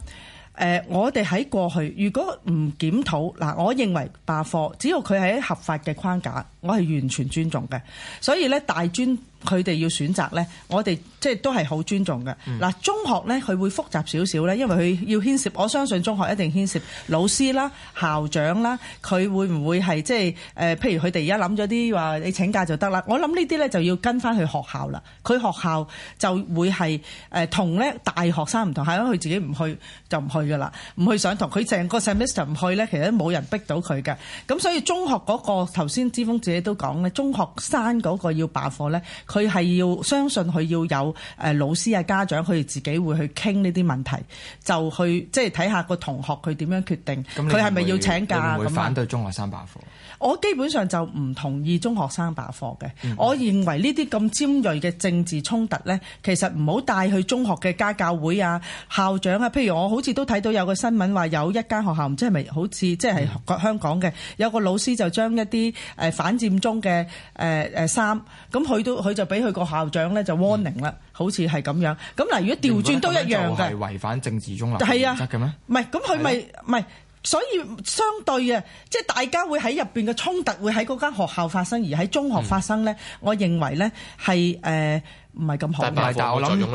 誒，我哋喺過去如果唔檢討嗱，我認為罷課，只要佢喺合法嘅框架，我係完全尊重嘅。所以咧，大專。佢哋要選擇咧，我哋即係都係好尊重嘅。嗱，中學咧，佢會複雜少少咧，因為佢要牽涉。我相信中學一定牽涉老師啦、校長啦，佢會唔會係即係誒？譬如佢哋而家諗咗啲話，你請假就得啦。我諗呢啲咧就要跟翻去學校啦。佢學校就會係誒同咧大學生唔同，係因，佢自己唔去就唔去噶啦，唔去上堂，佢成個 semester 唔去咧，其實冇人逼到佢嘅。咁所以中學嗰、嗰個頭先之峰自己都講咧，中學生嗰個要罷課咧。佢係要相信佢要有誒、呃、老師啊家長，佢哋自己會去傾呢啲問題，就去即係睇下個同學佢點樣決定，佢係咪要請假咁。唔會反對中學生罷課，我基本上就唔同意中學生罷課嘅。嗯、我認為呢啲咁尖銳嘅政治衝突咧，其實唔好帶去中學嘅家教會啊、校長啊。譬如我好似都睇到有個新聞話有一間學校唔知係咪好似即係香港嘅，有個老師就將一啲誒、呃、反占中嘅誒誒衫，咁佢都佢。就俾佢個校長咧就 warning 啦，好似係咁樣。咁嗱，如果調轉都一樣嘅，違反政治中立原則嘅咩？唔係，咁佢咪唔係，所以相對啊，即係大家會喺入邊嘅衝突會喺嗰間學校發生，而喺中學發生咧，我認為咧係誒唔係咁好。但係，但係我諗用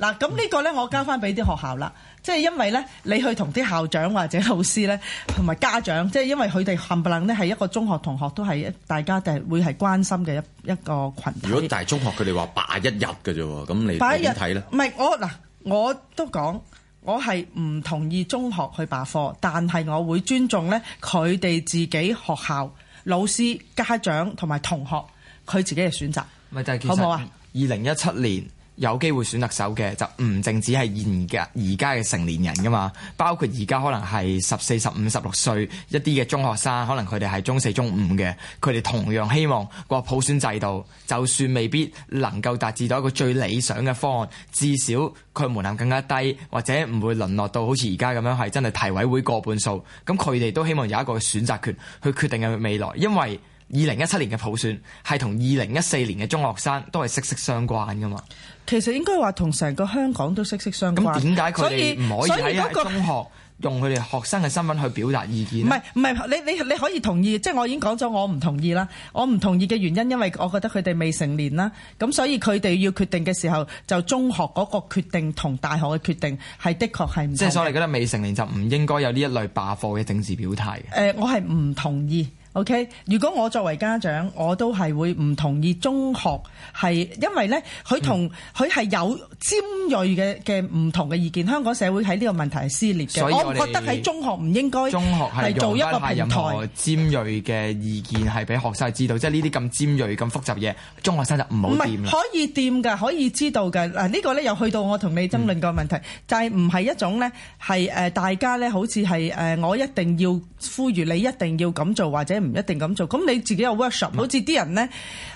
嗱，咁呢個咧，我交翻俾啲學校啦。即係因為咧，你去同啲校長或者老師咧，同埋家長，即係因為佢哋冚唪唥咧係一個中學同學，都係大家定會係關心嘅一一個群體。如果大中學佢哋話罷一日嘅啫喎，咁你罷一日，你點睇咧？唔係我嗱，我都講，我係唔同意中學去罷課，但係我會尊重咧佢哋自己學校老師、家長同埋同學佢自己嘅選擇。咪但係其實二零一七年。有機會選特首嘅就唔淨止係現屆而家嘅成年人㗎嘛，包括而家可能係十四、十五、十六歲一啲嘅中學生，可能佢哋係中四、中五嘅，佢哋同樣希望個普選制度，就算未必能夠達至到一個最理想嘅方案，至少佢門檻更加低，或者唔會淪落到好似而家咁樣係真係提委會過半數，咁佢哋都希望有一個選擇權去決定嘅未來，因為。二零一七年嘅普選係同二零一四年嘅中學生都係息息相關噶嘛？其實應該話同成個香港都息息相關。咁點解佢哋唔可以喺中學用佢哋學生嘅身份去表達意見？唔係唔係，你你你可以同意，即係我已經講咗，我唔同意啦。我唔同意嘅原因，因為我覺得佢哋未成年啦，咁所以佢哋要決定嘅時候，就中學嗰個決定同大學嘅決定係的確係唔同即係，所以你覺得未成年就唔應該有呢一類罷課嘅政治表態誒、呃，我係唔同意。OK，如果我作為家長，我都係會唔同意中學係，因為咧佢同佢係有尖鋭嘅嘅唔同嘅意見。香港社會喺呢個問題係撕裂嘅，我,我覺得喺中學唔應該中學係做一個平台尖鋭嘅意見係俾學生知道，即係呢啲咁尖鋭、咁複雜嘢，中學生就唔好掂啦。唔係掂㗎，可以知道㗎。嗱、這個、呢個咧又去到我同你爭論個問題，就係唔係一種咧係誒大家咧好似係誒我一定要呼籲你一定要咁做或者。唔一定咁做，咁你自己有 workshop、嗯、好似啲人咧，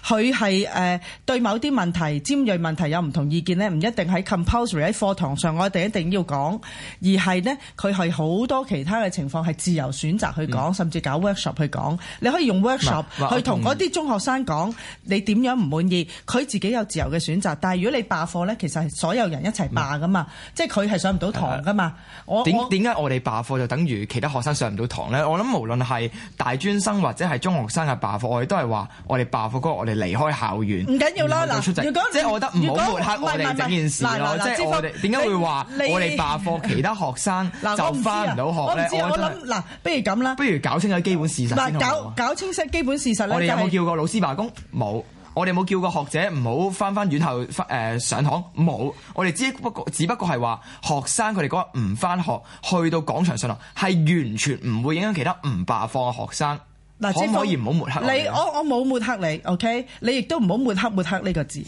佢係誒對某啲問題、尖銳問題有唔同意見咧，唔一定喺 compulsory 喺課堂上，我哋一定要講，而係咧佢係好多其他嘅情況係自由選擇去講，嗯、甚至搞 workshop 去講，你可以用 workshop 去同嗰啲中學生講你點樣唔滿意，佢自己有自由嘅選擇。但係如果你罷課咧，其實係所有人一齊罷噶嘛，嗯、即係佢係上唔到堂噶嘛。啊、我點點解我哋罷課就等於其他學生上唔到堂咧？我諗無論係大專生。或者係中學生嘅罷課，我哋都係話我哋罷課，哥我哋離開校園。唔緊要啦，嗱，如果即係我覺得唔好抹黑我哋整件事咯。即係我哋點解會話我哋罷課，其他學生就翻唔到學咧？我諗嗱，不如咁啦，不如搞清楚基本事實先，搞搞清晰基本事實咧，我哋有冇叫過老師罷工？冇，我哋冇叫過學者唔好翻翻院頭誒上堂？冇，我哋只不過只不過係話學生佢哋嗰日唔翻學，去到廣場上堂，係完全唔會影響其他唔罷課嘅學生。嗱，可唔可以唔好抹，抹黑你？我我冇抹黑你，OK？你亦都唔好抹黑抹黑呢個字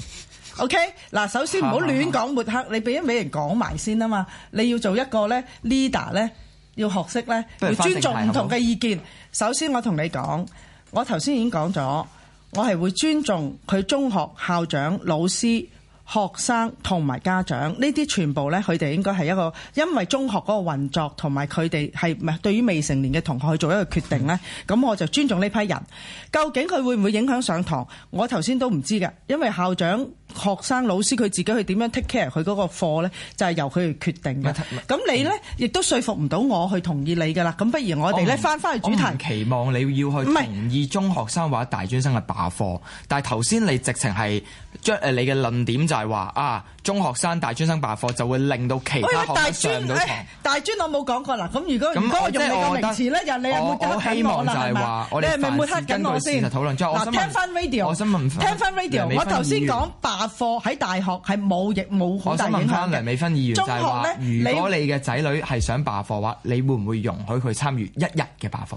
，OK？嗱，首先唔好亂講抹黑， [LAUGHS] 你俾啲美人講埋先啊嘛！你要做一個咧 leader 咧，要學識咧，要尊重唔同嘅意見。 [LAUGHS] 首先我同你講，我頭先已經講咗，我係會尊重佢中學校長老師。學生同埋家長呢啲全部呢，佢哋應該係一個，因為中學嗰個運作同埋佢哋係對於未成年嘅同學去做一個決定呢。咁我就尊重呢批人。究竟佢會唔會影響上堂？我頭先都唔知嘅，因為校長。學生老師佢自己去點樣 take care 佢嗰個課咧，就係由佢哋決定嘅。咁你咧亦都說服唔到我去同意你㗎啦。咁不如我哋呢，翻翻去主題。期望你要去同意中學生或者大專生嘅罷課，但係頭先你直情係將誒你嘅論點就係話啊，中學生大專生罷課就會令到其，大專大專，我冇講過喇。咁如果如果我用你個名詞咧，又你有冇希望啦。你係咪抹黑緊我先？嗱，聽翻 radio，我頭先講罷。罷課喺大學係冇亦冇好大嘅影響。中學咧，如果你嘅仔女係想罷課嘅話，你會唔會容許佢參與一日嘅罷課？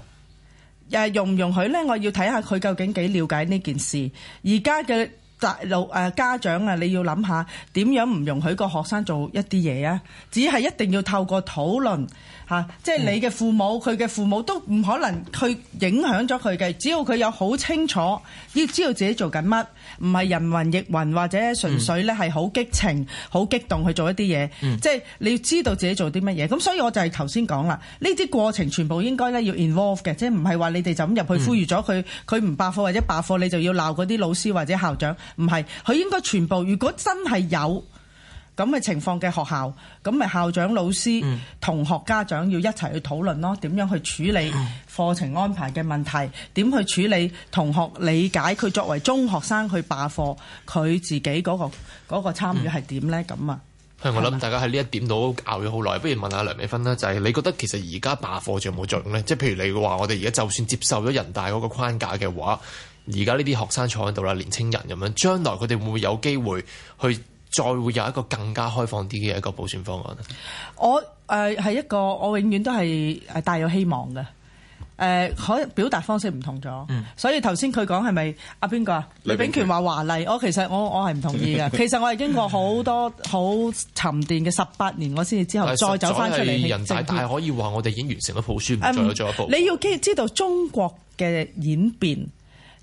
誒，容唔容許咧？我要睇下佢究竟幾了解呢件事。而家嘅大老誒、啊、家長啊，你要諗下點樣唔容許個學生做一啲嘢啊？只係一定要透過討論吓，即係你嘅父母，佢嘅父母都唔可能去影響咗佢嘅，只要佢有好清楚要知道自己做緊乜。唔係人雲亦雲或者純粹咧係好激情、好、嗯、激動去做一啲嘢，即係、嗯、你要知道自己做啲乜嘢。咁所以我就係頭先講啦，呢啲過程全部應該咧要 involve 嘅，即係唔係話你哋就咁入去呼籲咗佢，佢唔罷課或者罷課你就要鬧嗰啲老師或者校長，唔係，佢應該全部如果真係有。咁嘅情況嘅學校，咁咪校長、老師、嗯、同學、家長要一齊去討論咯，點樣去處理課程安排嘅問題？點、嗯、去處理同學理解佢作為中學生去罷課，佢自己嗰、個嗰、個參與係點呢？咁啊，我諗大家喺呢一點度拗咗好耐，不如問下梁美芬啦。就係、是、你覺得其實而家罷課仲有冇作用呢？即係譬如你話我哋而家就算接受咗人大嗰個框架嘅話，而家呢啲學生坐喺度啦，年青人咁樣，將來佢哋會唔會有機會去？再會有一個更加開放啲嘅一個普選方案，我誒係一個，我永遠都係誒帶有希望嘅。誒、呃，可能表達方式唔同咗。嗯、所以頭先佢講係咪阿邊個啊？李炳權話華麗，我其實我我係唔同意嘅。 [LAUGHS] 其實我係經過好多好沉澱嘅十八年，我先至之後再走翻出嚟。但是是人大大可以話我哋已經完成咗普選，唔再有進一步、嗯。你要知知道中國嘅演變。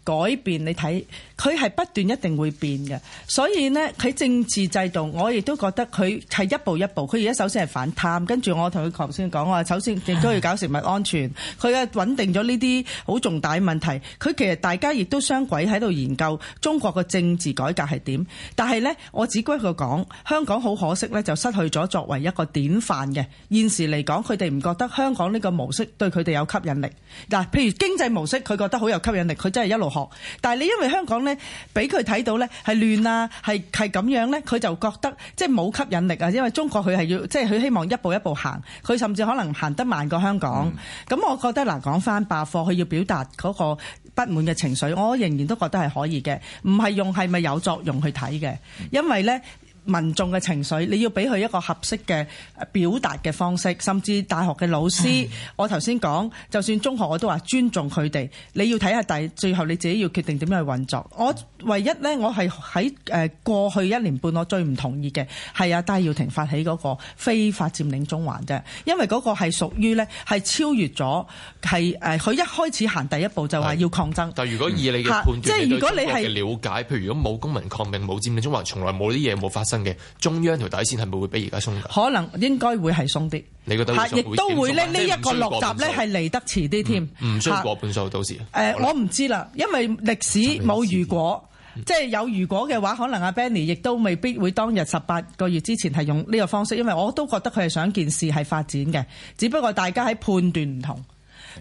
改變你睇，佢係不斷一定會變嘅，所以呢，佢政治制度，我亦都覺得佢係一步一步。佢而家首先係反貪，跟住我同佢頭先講話，首先亦都要搞食物安全，佢嘅穩定咗呢啲好重大問題。佢其實大家亦都雙軌喺度研究中國嘅政治改革係點，但係呢，我只不過講香港好可惜呢就失去咗作為一個典範嘅現時嚟講，佢哋唔覺得香港呢個模式對佢哋有吸引力。嗱，譬如經濟模式，佢覺得好有吸引力，佢真係一路但係你因為香港呢，俾佢睇到呢係亂啊，係係咁樣呢，佢就覺得即係冇吸引力啊。因為中國佢係要即係佢希望一步一步行，佢甚至可能行得慢過香港。咁、嗯、我覺得嗱，講翻罷課，佢要表達嗰個不滿嘅情緒，我仍然都覺得係可以嘅，唔係用係咪有作用去睇嘅，因為呢。民眾嘅情緒，你要俾佢一個合適嘅表達嘅方式，甚至大學嘅老師。的我頭先講，就算中學我都話尊重佢哋，你要睇下第最後你自己要決定點樣去運作。我唯一咧，我係喺誒過去一年半，我最唔同意嘅係啊，戴耀廷發起嗰個非法佔領中環啫，因為嗰個係屬於咧係超越咗，係誒佢一開始行第一步就話要抗爭。但係如果以你嘅判斷，即係的如果你係了解，譬如如果冇公民抗命、冇佔領中環，從來冇啲嘢冇發生。嘅中央條底線係咪會比而家鬆？可能應該會係鬆啲。你覺得亦、啊、都會咧，呢一個落閘咧係嚟得遲啲添。唔需要過半數，到時。誒、啊嗯，我唔知啦，因為歷史冇如果，即係有如果嘅話，可能阿 Benny 亦都未必會當日十八個月之前係用呢個方式，因為我都覺得佢係想件事係發展嘅，只不過大家喺判斷唔同。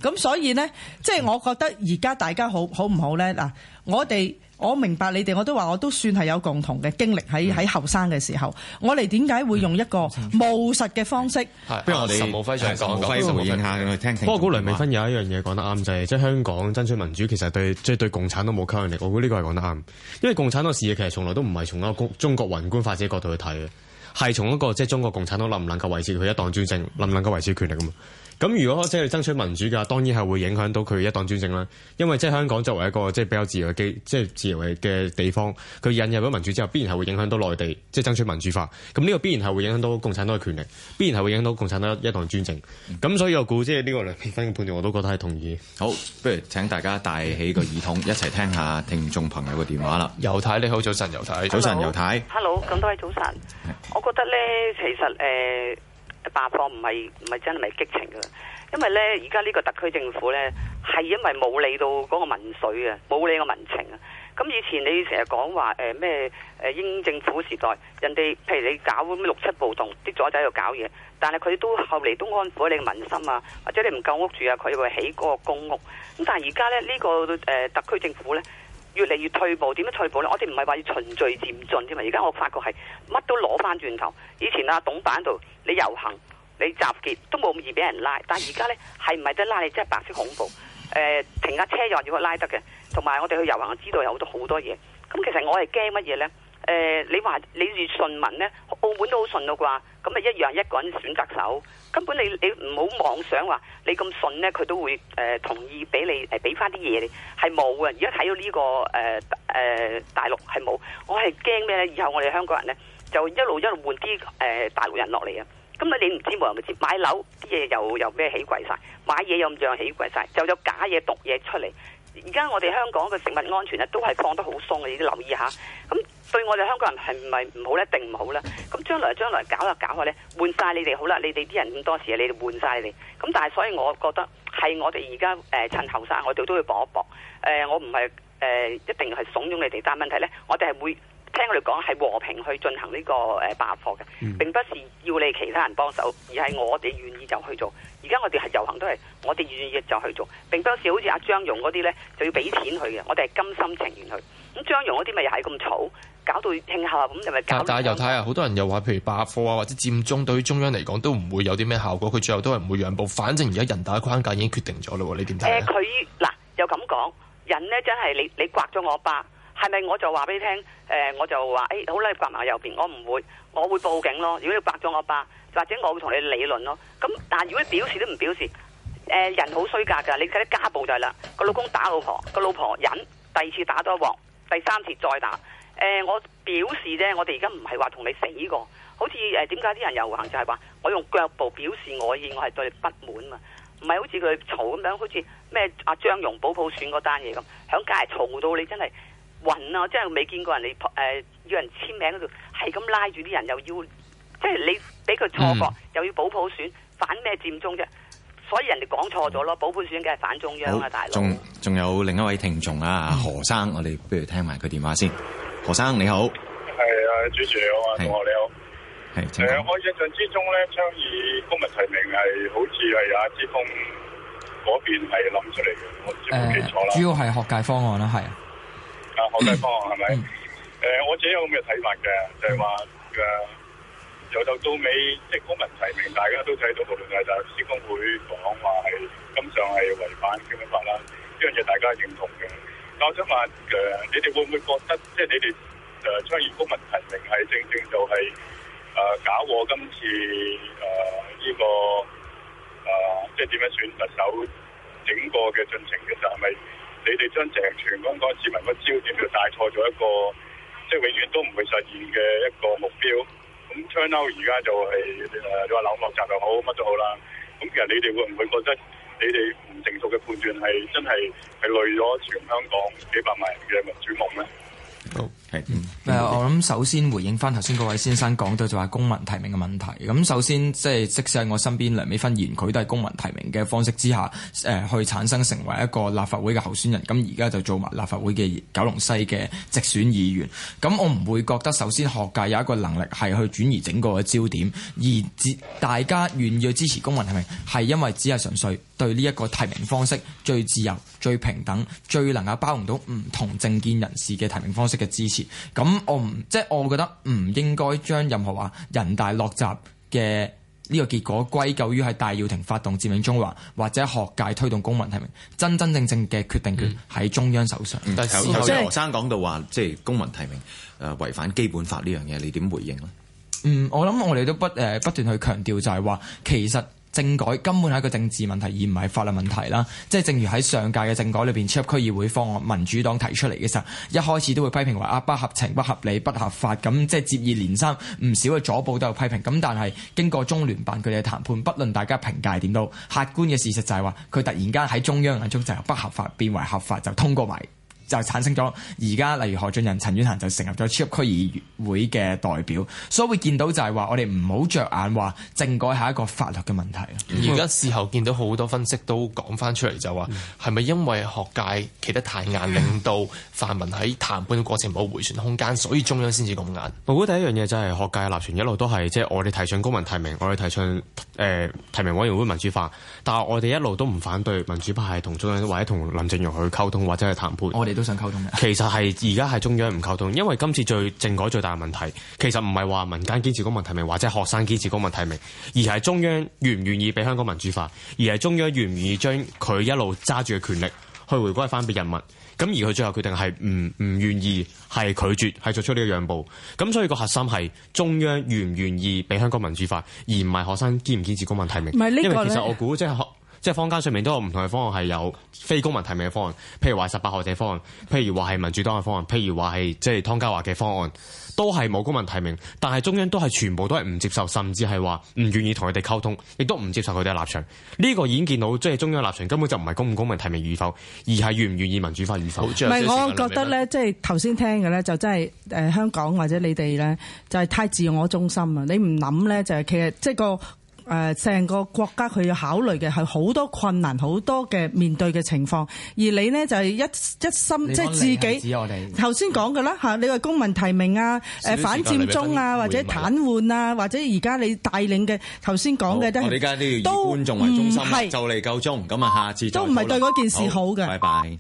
咁所以咧，即係我覺得而家大家好好唔好咧嗱，我哋我明白你哋，我都話我都算係有共同嘅經歷喺喺後生嘅時候，我哋點解會用一個務實嘅方式、嗯嗯嗯？不如我哋十秒非常講咁，我認下佢聽聽。不過古梁美芬有一樣嘢講得啱就係，即係香港爭取民主其實對即係對，對共產都冇吸引力。我估呢個係講得啱，因為共產黨事業其實從來都唔係從一個中中國宏觀發展角度去睇嘅，係從一個即係、就是、中國共產黨能唔能夠維持佢一黨專政，能唔能夠維持權力咁啊？咁如果即係爭取民主嘅話，當然係會影響到佢一黨專政啦。因為即係香港作為一個即係比較自由嘅、即係自由嘅嘅地方，佢引入咗民主之後，必然係會影響到內地，即係爭取民主化。咁呢個必然係會影響到共產黨嘅權力，必然係會影響到共產黨一黨專政。咁所以我估即係呢個兩邊嘅判斷，我都覺得係同意。好，不如請大家戴起個耳筒，一齊聽下聽，聽，聽眾朋友嘅電話啦。尤太你好，早晨，尤太。早晨，尤太。Hello，咁多位早晨。我覺得咧，其實、uh, 八方唔係唔係真係激情嘅？因為呢，而家呢個特區政府呢，係因為冇理到嗰個民粹啊，冇理個民情啊。咁、嗯、以前你成日講話誒咩誒英政府時代，人哋譬如你搞六七暴動，啲左仔喺度搞嘢，但係佢都後嚟都安撫你嘅民心啊，或者你唔夠屋住啊，佢會起嗰個公屋。咁但係而家咧呢、這個誒、呃、特區政府呢。越嚟越退步，點樣退步呢？我哋唔係話要循序漸進啫嘛。而家我發覺係乜都攞翻轉頭。以前啊，董板度你遊行、你集結都冇咁易俾人拉，但係而家呢，係唔係得拉你？真係白色恐怖。呃、停架車又話要我拉得嘅，同埋我哋去遊行，我知道有好多好多嘢。咁其實我係驚乜嘢呢？呃、你話你越順民呢，澳門都好順到啩？咁咪一樣一個人選擇手，根本你你唔好妄想話你咁信呢，佢都會、呃、同意俾你誒俾翻啲嘢你，係冇嘅。而家睇到呢個、呃呃、大陸係冇，我係驚咩咧？以後我哋香港人咧就一路一路換啲、呃、大陸人落嚟啊！咁啊你唔知冇人咪知，買樓啲嘢又又咩起貴晒，買嘢又又起貴晒，就有假嘢毒嘢出嚟。而家我哋香港嘅食物安全呢，都係放得好鬆嘅，你都留意下。咁。對我哋香港人係唔係唔好咧？定唔好啦，咁將來將來搞下搞下咧，換晒你哋好啦，你哋啲人咁多事，啊，你哋換晒你。咁但係所以，我覺得係我哋而家趁後生，我哋都要搏一搏、呃。我唔係、呃、一定係慫恿你哋，但問問題咧，我哋係會聽佢哋講係和平去進行呢個誒罷課嘅，並不是要你其他人幫手，而係我哋願意就去做。而家我哋係遊行都係我哋願意就去做，並不是好似阿張勇嗰啲咧就要俾錢去嘅，我哋係甘心情願去。張揚嗰啲咪又係咁嘈，搞到慶夏咁，你咪搞？但係由睇啊，好多人又話，譬如罷課啊，或者佔中，對於中央嚟講都唔會有啲咩效果，佢最後都係唔會讓步。反正而家人大框架已經決定咗啦，你點睇？佢嗱又咁講，人呢真係你你刮咗我一巴，係咪我就話俾你聽？誒、呃，我就話誒、欸、好啦，你刮埋右邊，我唔會，我會報警咯。如果你刮咗我一巴，或者我會同你理論咯。咁但係如果表示都唔表示，誒、呃、人好衰格㗎，你睇啲家暴就係啦，個老公打老婆，個老婆忍，第二次打多一鑊。第三次再打，誒、呃、我表示咧，我哋而家唔係話同你死過，好似誒點解，啲人遊行就係、是、話，我用腳步表示我意，我係對你不滿啊，唔係好似佢嘈咁樣，好似咩阿張容保普選嗰單嘢咁，喺街嘈到你真係暈啊！真係未見過人嚟誒、呃、要人簽名嗰度，係咁拉住啲人又要，即係你俾佢錯過又要保普，普選反咩佔中啫？所以人哋講錯咗咯，嗯、保本選嘅係反中央啊，好大佬陸。仲仲有另一位聽眾啊，何生，我哋不如先聽埋佢電話先。何生你好，係啊，主持你好啊，是同學你好。係。誒、呃，我印象之中咧，倡議公民提名係好似係阿之鋒嗰邊係諗出嚟嘅，我唔記錯啦、呃。主要係學界方案啦，係。啊，啊，啊，學界方案係咪？誒，我自己有咁嘅睇法嘅，就係話嘅。呃由頭到尾，即公民提名大家都睇到，無論係大律師公會講話係，咁上係違反基本法啦。呢樣嘢大家認同嘅。但我想問，你哋會唔會覺得，即你哋誒倡議公民提名係正正就係、是、假、呃、搞我今次誒呢、呃這個誒、呃，即點樣選特首整個嘅進程嘅時候，係、就、咪、是、你哋將鄭全香港市民個焦點就帶錯咗一個即永遠都唔會實現嘅一個目標？咁 turnout 而家就係、是、誒，你話冷落集又好乜都好啦。咁其實你哋會唔會覺得你哋唔成熟嘅判斷係真係係累咗全香港幾百萬人嘅民主夢咧？好。係，嗯、我諗首先回應翻頭先嗰位先生講到就話公民提名嘅問題，咁首先即係即使喺我身邊梁美芬言佢都係公民提名嘅方式之下，呃，去產生成為一個立法會嘅候選人，咁而家就做埋立法會嘅九龍西嘅直選議員，咁我唔會覺得首先學界有一個能力係去轉移整個嘅焦點，而大家願意支持公民提名，係因為只係純粹對呢一個提名方式最自由、最平等、最能夠包容到唔同政見人士嘅提名方式嘅支持。咁我唔即係，就是，我覺得唔應該將任何話人大落閘嘅呢個結果歸咎於係戴耀廷發動佔領中環，或者學界推動公民提名，真真正正嘅決定權喺中央手上。但頭先何生講到話，即、就、係、是、公民提名誒違反基本法呢樣嘢，你點回應咧？嗯，我諗我哋都不誒不斷去強調就係話，其實。政改根本係一個政治問題，而唔係法律問題啦。即係正如喺上屆嘅政改裏邊，超級區議會方案，民主黨提出嚟嘅時候，一開始都會批評話啊，不合情、不合理、不合法。咁即係接二連三，唔少嘅左報,都有批評。咁但係經過中聯辦佢哋嘅談判，不論大家評價點都，客觀嘅事實就係話，佢突然間喺中央眼中就由不合法變為合法，就通過埋。就產生咗而家，例如何俊仁、陳婉嫻，就成立咗超級區議會嘅代表，所以會見到就係話，我哋唔好着眼話政改係一個法律嘅問題。而家事後見到好多分析都講翻出嚟，就話係咪因為學界企得太硬，令到泛民喺談判嘅過程冇迴旋空間，所以中央先至咁硬？我覺得第一樣嘢就係、是、學界立場一路都係，即、就、係、是、我哋提倡公民提名，我哋提倡、呃、提名委員會民主化，但係我哋一路都唔反對民主派係同中央或者同林鄭容去溝通或者去談判。我哋其實係而家係中央唔溝通，因為今次最政改最大嘅問題，其實唔係話民間堅持公民提名，或者學生堅持公民提名，而係中央願唔願意俾香港民主化，而係中央願唔願意將佢一路揸住嘅權力去回歸翻俾人民。咁而佢最後決定係唔唔願意，係拒絕，係做出呢個讓步。咁所以個核心係中央願唔願意俾香港民主化，而唔係學生堅唔堅持公民提名。因為其實我估即係學即係坊間上面都有唔同嘅方案，係有非公民提名嘅方案，譬如話十八學者方案，譬如話係民主黨嘅方案，譬如話係即係湯家驊嘅方案，都係冇公民提名，但係中央都係全部都係唔接受，甚至係話唔願意同佢哋溝通，亦都唔接受佢哋嘅立場。呢、這個已經見到，即係中央立場根本就唔係公唔公民提名與否，而係願唔願意民主化與否。唔係，我覺得咧，問即係頭先聽嘅咧，就真係誒、呃、香港或者你哋咧，就係、是、太自我中心啊！你唔諗咧，就係、是、其實即係個。誒，成個國家佢要考慮嘅係好多困難，好多嘅面對嘅情況。而你呢就係、是、一一心，你你即係自己頭先講嘅啦嚇。你話公民提名、嗯、啊、誒反佔中啊，或者癱瘓啊，會會或者而家你帶領嘅頭先講嘅都係都觀眾為中心，就嚟夠鐘咁啊！下次都唔係對嗰件事好嘅。好的拜拜。